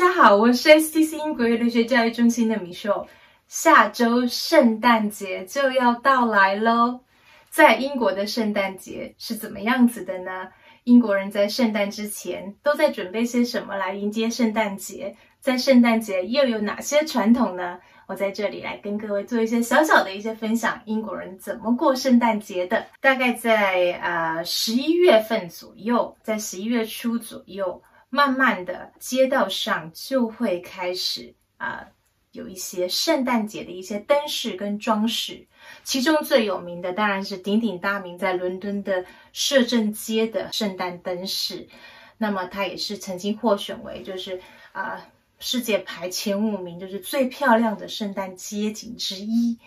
大家好，我是 STC 英國留學教育中心的米秀。下週聖誕節就要到來嘍，在英國的聖誕節是怎麼樣子的呢？英國人在聖誕之前都在準備些什麼來迎接聖誕節？在聖誕節又有哪些傳統呢？我在這裡來跟各位做一些小小的一些分享，英國人怎麼過聖誕節的。大概在呃十一月份左右，在十一月初左右。慢慢的，街道上就會開始啊、呃，有一些聖誕節的一些燈飾跟裝飾。其中最有名的當然是鼎鼎大名在倫敦的攝政街的聖誕燈飾。那麼它也是曾經獲選為就是啊、呃、世界排前五名就是最漂亮的聖誕街景之一。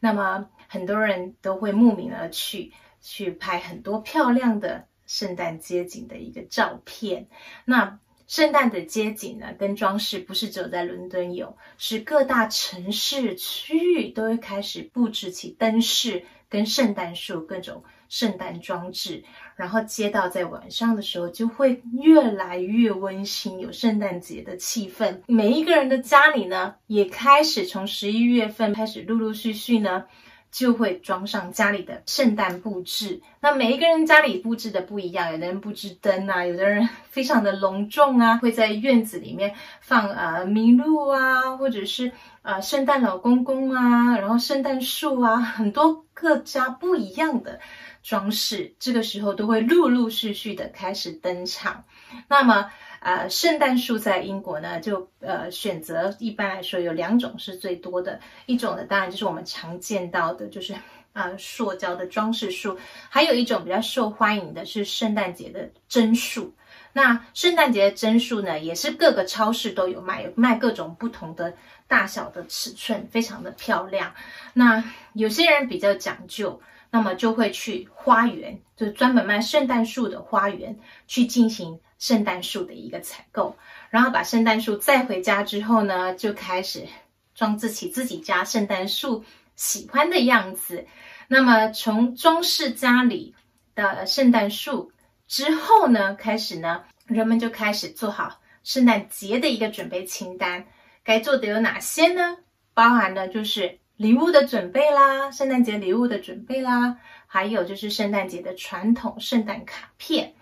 那麼很多人都會慕名而去，去拍很多漂亮的。聖誕街景的一個照片。那聖誕的街景呢，跟裝飾不是只有在倫敦有，是各大城市區域都會開始佈置起燈飾跟聖誕樹、各種聖誕裝置，然後街道在晚上的時候就會越來越溫馨，有聖誕節的氣氛。每一個人的家裡呢，也開始從十一月份開始陸陸續續呢。就會裝上家裡的聖誕布置，那每一個人家裡布置的不一樣，有的人布置燈啊，有的人非常的隆重啊，會在院子裡面放啊麋鹿啊，或者是啊、呃、聖誕老公公啊，然後聖誕樹啊，很多各家不一樣的裝飾，這個時候都會陸陸續續的開始登場，那麼。呃，聖誕樹在英國呢，就呃選擇一般來說有兩種是最多的，一種呢當然就是我們常見到的，就是啊、呃、塑膠的裝飾樹，還有一種比較受歡迎的是聖誕節的真樹。那聖誕節的真樹呢，也是各個超市都有賣，有賣各種不同的大小的尺寸，非常的漂亮。那有些人比較講究，那麼就會去花園，就專門賣聖誕樹的花園去進行，聖誕樹的一個採購，然後把聖誕樹載回家之後呢，就開始裝飾起自己家聖誕樹喜歡的樣子。那麼從裝飾家裡的聖誕樹之後呢，開始呢，人們就開始做好聖誕節的一個準備清單。該做的有哪些呢？包含的就是禮物的準備啦、聖誕節禮物的準備啦，還有就是聖誕節的傳統聖誕卡片。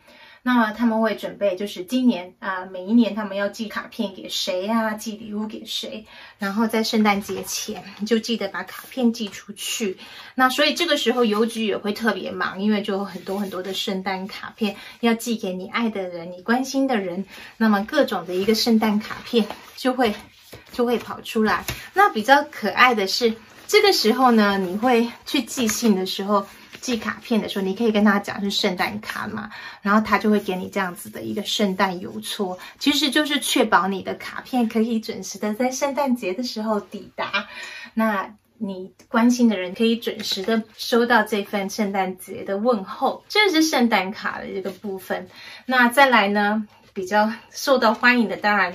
那他們會準備，就是今年啊、呃，每一年他們要寄卡片給誰啊？寄禮物給誰？然後在聖誕節前就記得把卡片寄出去。那所以這個時候郵局也會特別忙，因為就有很多很多的聖誕卡片要寄給你愛的人、你關心的人。那麼各種的一個聖誕卡片就會就會跑出來。那比較可愛的是，這個時候呢，你會去寄信的時候。寄卡片的時候，你可以跟他講是聖誕卡嘛，然後他就會給你這樣子的一個聖誕郵戳，其實就是確保你的卡片可以準時的在聖誕節的時候抵達，那你關心的人可以準時的收到這份聖誕節的問候，這是聖誕卡的一個部分。那再來呢，比較受到歡迎的當然，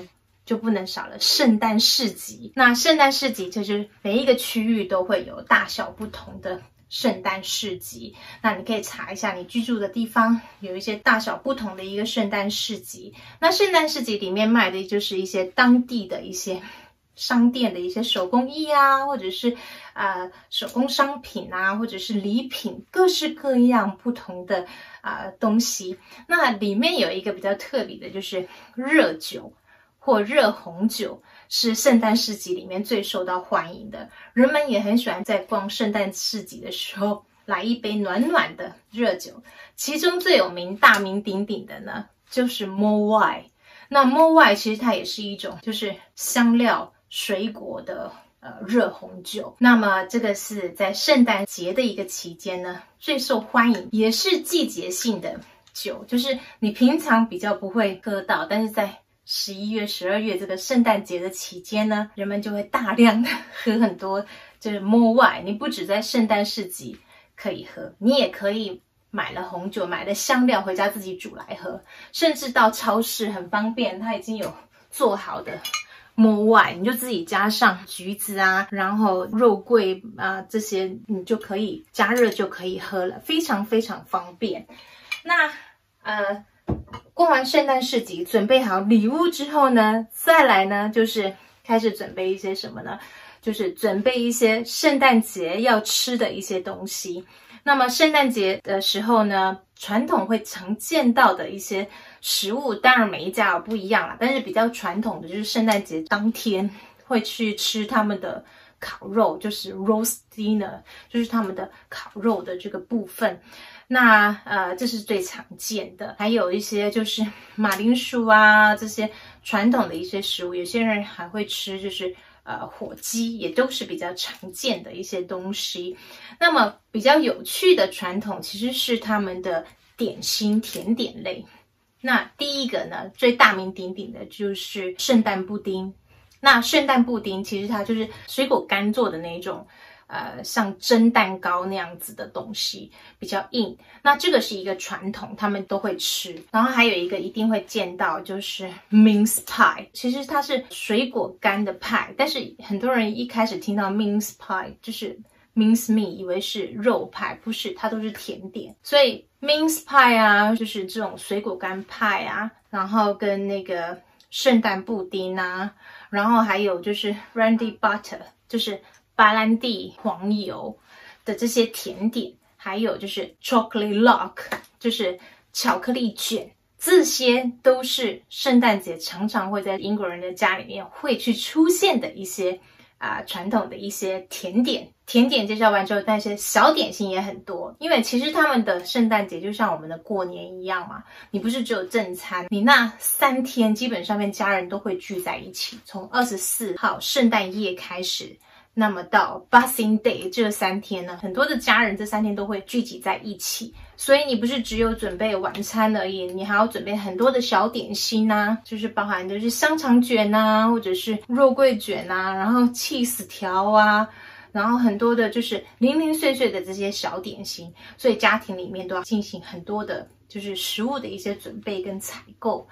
就不能少了聖誕市集。那聖誕市集就是每一個區域都會有大小不同的聖誕市集。那你可以查一下你居住的地方有一些大小不同的一個聖誕市集。那聖誕市集裡面賣的就是一些當地的一些商店的一些手工藝啊，或者是啊、呃、手工商品啊，或者是禮品，各式各樣不同的啊、呃、東西。那裡面有一個比較特別的就是熱酒。過熱紅酒是聖誕市集裡面最受到歡迎的，人們也很喜歡在逛聖誕市集的時候來一杯暖暖的熱酒。其中最有名、大名鼎鼎的呢，就是 Mulled Wine。那 Mulled Wine 其實它也是一種就是香料水果的呃熱紅酒。那麼這個是在聖誕節的一個期間呢，最受歡迎也是季節性的酒，就是你平常比較不會喝到，但是在十一月、十二月這個聖誕節的期間呢，人們就會大量的喝很多，就是 mulled wine。你不止在聖誕市集可以喝，你也可以買了紅酒，買了香料回家自己煮來喝。甚至到超市很方便，它已經有做好的 mulled wine，你就自己加上橘子啊，然後肉桂啊這些，你就可以加熱就可以喝了，非常非常方便。那呃。過完聖誕市集，準備好禮物之後呢，再來呢，就是開始準備一些什麼呢？就是準備一些聖誕節要吃的一些東西。那麼聖誕節的時候呢，傳統會常見到的一些食物，當然每一家不一樣啦，但是比較傳統的就是聖誕節當天會去吃他們的烤肉，就是 roast dinner，就是他們的烤肉的這個部分。那呃，這是最常見的，還有一些就是馬鈴薯啊，這些傳統的一些食物，有些人還會吃，就是呃火雞，也都是比較常見的一些東西。那麼比較有趣的傳統其實是他們的點心甜點類。那第一個呢，最大名鼎鼎的就是聖誕布丁。那聖誕布丁其實它就是水果乾做的那種。呃，像蒸蛋糕那樣子的東西，比較硬。那這個是一個傳統，他們都會吃。然後還有一個一定會見到，就是 mince pie，其實它是水果乾的派。但是很多人一開始聽到 mince pie，就是 mince meat，以為是肉派，不是，它都是甜點。所以 mince pie 啊，就是這種水果乾派啊，然後跟那個聖誕布丁啊，然後還有就是 randy butter，就是。白蘭地黃油的這些甜點，還有就是 chocolate log，就是巧克力卷，這些都是聖誕節常常會在英國人的家裡面會去出現的一些啊、呃、傳統的一些甜點。甜點介紹完之後，但是小點心也很多，因為其實他們的聖誕節就像我們的過年一樣嘛，你不是只有正餐，你那三天基本上面家人都會聚在一起，從二十四號聖誕夜開始。那麼到 Boxing Day 這三天呢，很多的家人這三天都會聚集在一起，所以你不是只有準備晚餐而已，你還要準備很多的小點心吶、啊，就是包含就是香腸卷吶、啊，或者是肉桂卷吶、啊，然後 cheese 條啊，然後很多的就是零零碎碎的這些小點心，所以家庭裡面都要進行很多的就是食物的一些準備跟採購，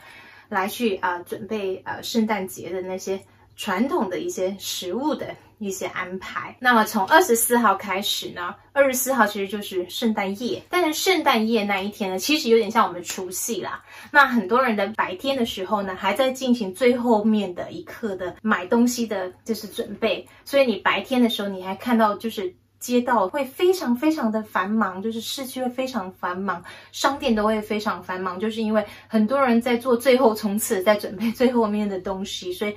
來去啊準備呃、啊、聖誕節的那些。傳統的一些食物的一些安排，那麼從二十四號開始呢，二十四號其實就是聖誕夜，但是聖誕夜那一天呢，其實有點像我們除夕啦。那很多人的白天的時候呢，還在進行最後面的一刻的買東西的，就是準備。所以你白天的時候，你還看到就是街道會非常非常的繁忙，就是市區會非常繁忙，商店都會非常繁忙，就是因為很多人在做最後衝刺，在準備最後面的東西，所以。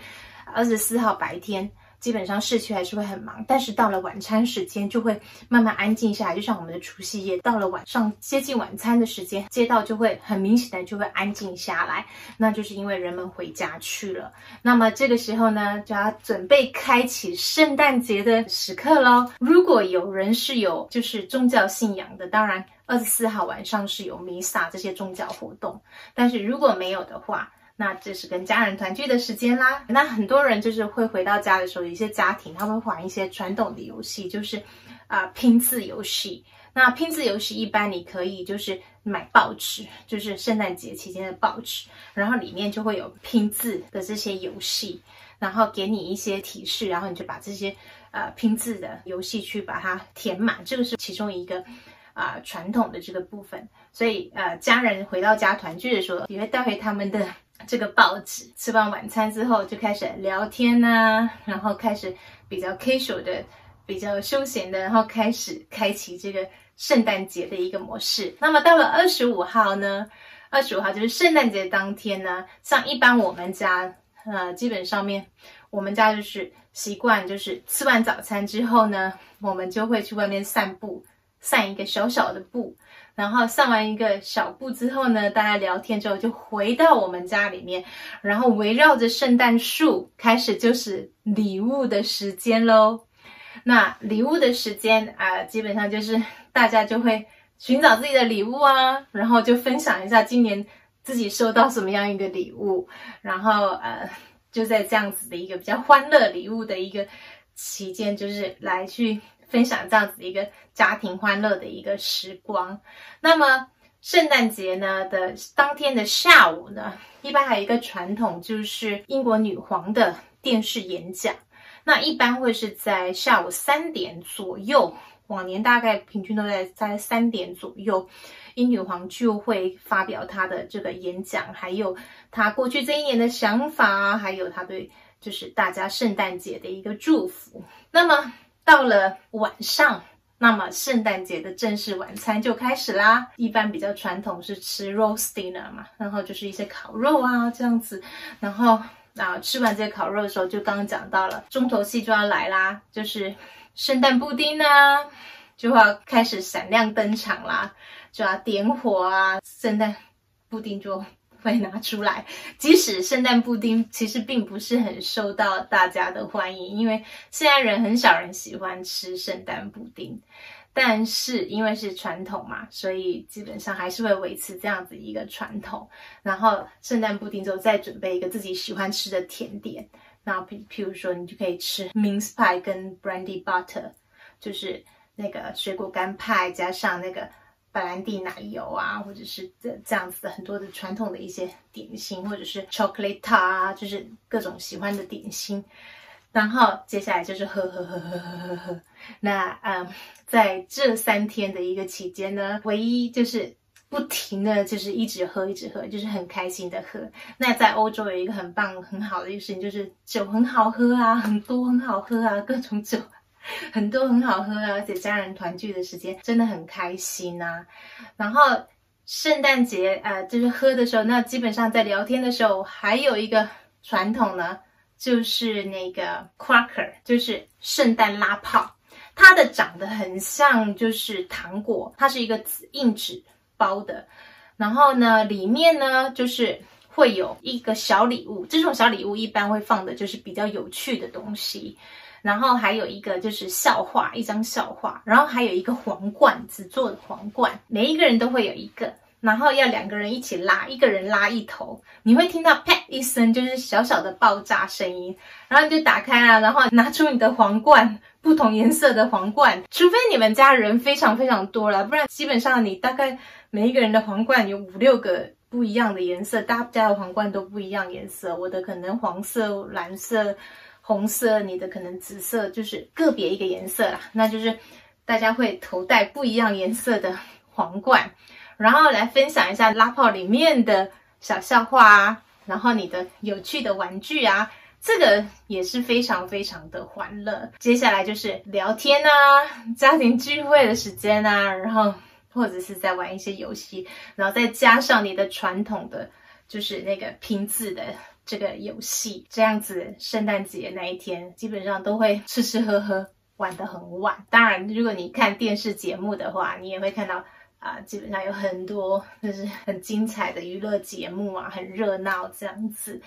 二十四號白天基本上市區還是會很忙，但是到了晚餐時間就會慢慢安靜下來，就像我們的除夕夜，到了晚上接近晚餐的時間，街道就會很明顯的就會安靜下來，那就是因為人們回家去了。那麼這個時候呢，就要準備開啟聖誕節的時刻嘍。如果有人是有就是宗教信仰的，當然二十四號晚上是有彌撒這些宗教活動，但是如果沒有的話。那這是跟家人團聚的時間啦。那很多人就是會回到家的時候，有一些家庭他們會玩一些傳統的遊戲，就是啊、呃、拼字遊戲。那拼字遊戲一般你可以就是買報紙，就是聖誕節期間的報紙，然後裡面就會有拼字的這些遊戲，然後給你一些提示，然後你就把這些呃拼字的遊戲去把它填滿，這個是其中一個啊、呃、傳統的這個部分。所以呃家人回到家團聚的時候，也會帶回他們的。這個報紙，吃完晚餐之後就開始聊天吶、啊，然後開始比較 casual 的，比較休閒的，然後開始開啟這個聖誕節的一個模式。那麼到了二十五號呢，二十五號就是聖誕節當天呢，像一般我們家，呃，基本上面我們家就是習慣，就是吃完早餐之後呢，我們就會去外面散步。散一個小小的步，然後散完一個小步之後呢，大家聊天之後就回到我們家裡面，然後圍繞着聖誕樹，開始就是禮物的時間嘍。那禮物的時間啊，呃，基本上就是大家就會尋找自己的禮物啊，然後就分享一下今年自己收到什麼樣一個禮物，然後呃，就在這樣子的一個比較歡樂禮物的一個期間，就是來去。分享這樣子一個家庭歡樂的一個時光。那麼聖誕節呢的當天的下午呢，一般還有一個傳統就是英國女皇的電視演講。那一般會是在下午三點左右，往年大概平均都在在三點左右，英女皇就會發表她的這個演講，還有她過去這一年的想法，還有她對就是大家聖誕節的一個祝福。那麼。到了晚上，那麼聖誕節的正式晚餐就開始啦。一般比較傳統是吃 roast dinner 嘛，然後就是一些烤肉啊這樣子。然後啊，吃完這些烤肉的時候，就剛剛講到了重頭戲就要來啦，就是聖誕布丁呢、啊、就要開始閃亮登場啦，就要點火啊，聖誕布丁就。會拿出來，即使聖誕布丁其實並不是很受到大家的歡迎，因為現在人很少人喜歡吃聖誕布丁，但是因為是傳統嘛，所以基本上還是會維持這樣子一個傳統。然後聖誕布丁之後再準備一個自己喜歡吃的甜點，那譬譬如說你就可以吃 mince pie 跟 brandy butter，就是那個水果乾派加上那個。白蘭地奶油啊，或者是這這樣子的很多的傳統的一些點心，或者是 chocolate 塔啊，就是各種喜歡的點心。然後接下來就是喝喝喝喝喝喝喝。那嗯，在這三天的一個期間呢，唯一就是不停的就是一直喝，一直喝，就是很開心的喝。那在歐洲有一個很棒很好的一個事情，就是酒很好喝啊，很多很好喝啊，各種酒。很多很好喝啊，而且家人團聚的時間真的很開心吶、啊。然後聖誕節啊、呃，就是喝的時候，那基本上在聊天的時候，還有一個傳統呢，就是那個 cracker，就是聖誕拉炮。它的長得很像，就是糖果，它是一個硬紙包的。然後呢，裡面呢就是會有一個小禮物。這種小禮物一般會放的就是比較有趣的東西。然後還有一個就是笑話，一張笑話，然後還有一個皇冠，紙做的皇冠，每一個人都會有一個，然後要兩個人一起拉，一個人拉一頭，你會聽到啪一聲，就是小小的爆炸聲音，然後你就打開了，然後拿出你的皇冠，不同顏色的皇冠，除非你們家人非常非常多了，不然基本上你大概每一個人的皇冠有五六個不一樣的顏色，大家的皇冠都不一樣顏色，我的可能黃色、藍色。紅色，你的可能紫色，就是個別一個顏色啦，那就是大家會頭戴不一樣顏色的皇冠，然後來分享一下拉炮裡面的小笑話啊，然後你的有趣的玩具啊，這個也是非常非常的歡樂。接下來就是聊天啊，家庭聚會的時間啊，然後或者是在玩一些遊戲，然後再加上你的傳統的就是那個拼字的。這個遊戲這樣子，聖誕節那一天基本上都會吃吃喝喝，玩得很晚。當然，如果你看電視節目的話，你也會看到啊、呃，基本上有很多就是很精彩的娛樂節目啊，很熱鬧這樣子。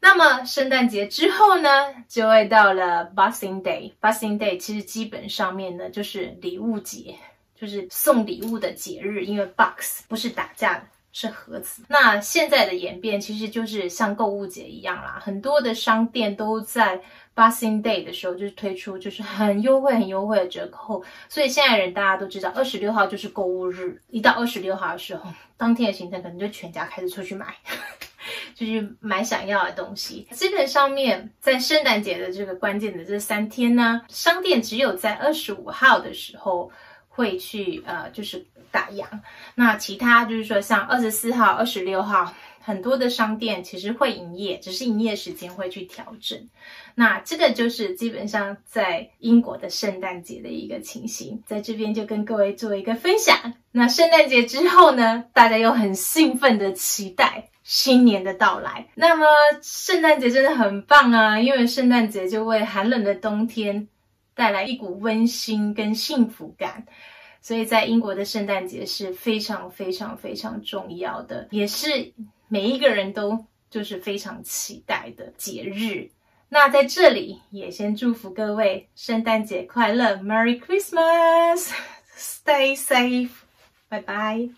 那麼聖誕節之後呢，就會到了 Boxing Day。Boxing Day 其實基本上面呢，就是禮物節，就是送禮物的節日，因為 Box 不是打架的。是盒子。那現在的演變其實就是像購物節一樣啦，很多的商店都在 Boxing Day 的時候就是推出，就是很優惠、很優惠的折扣。所以現在人大家都知道，二十六號就是購物日。一到二十六號的時候，當天的行程可能就全家開始出去買，呵呵就是買想要的東西。基本上面在聖誕節的這個關鍵的這三天呢，商店只有在二十五號的時候會去，呃，就是。打烊。那其他就是說，像二十四號、二十六號，很多的商店其實會營業，只是營業時間會去調整。那這個就是基本上在英國的聖誕節的一個情形，在這邊就跟各位做一個分享。那聖誕節之後呢，大家又很興奮的期待新年的到來。那麼聖誕節真的很棒啊，因為聖誕節就為寒冷的冬天帶來一股溫馨跟幸福感。所以在英國的聖誕節是非常非常非常重要的，也是每一個人都就是非常期待的節日。那在這裡也先祝福各位聖誕節快樂，Merry Christmas，Stay safe，拜拜。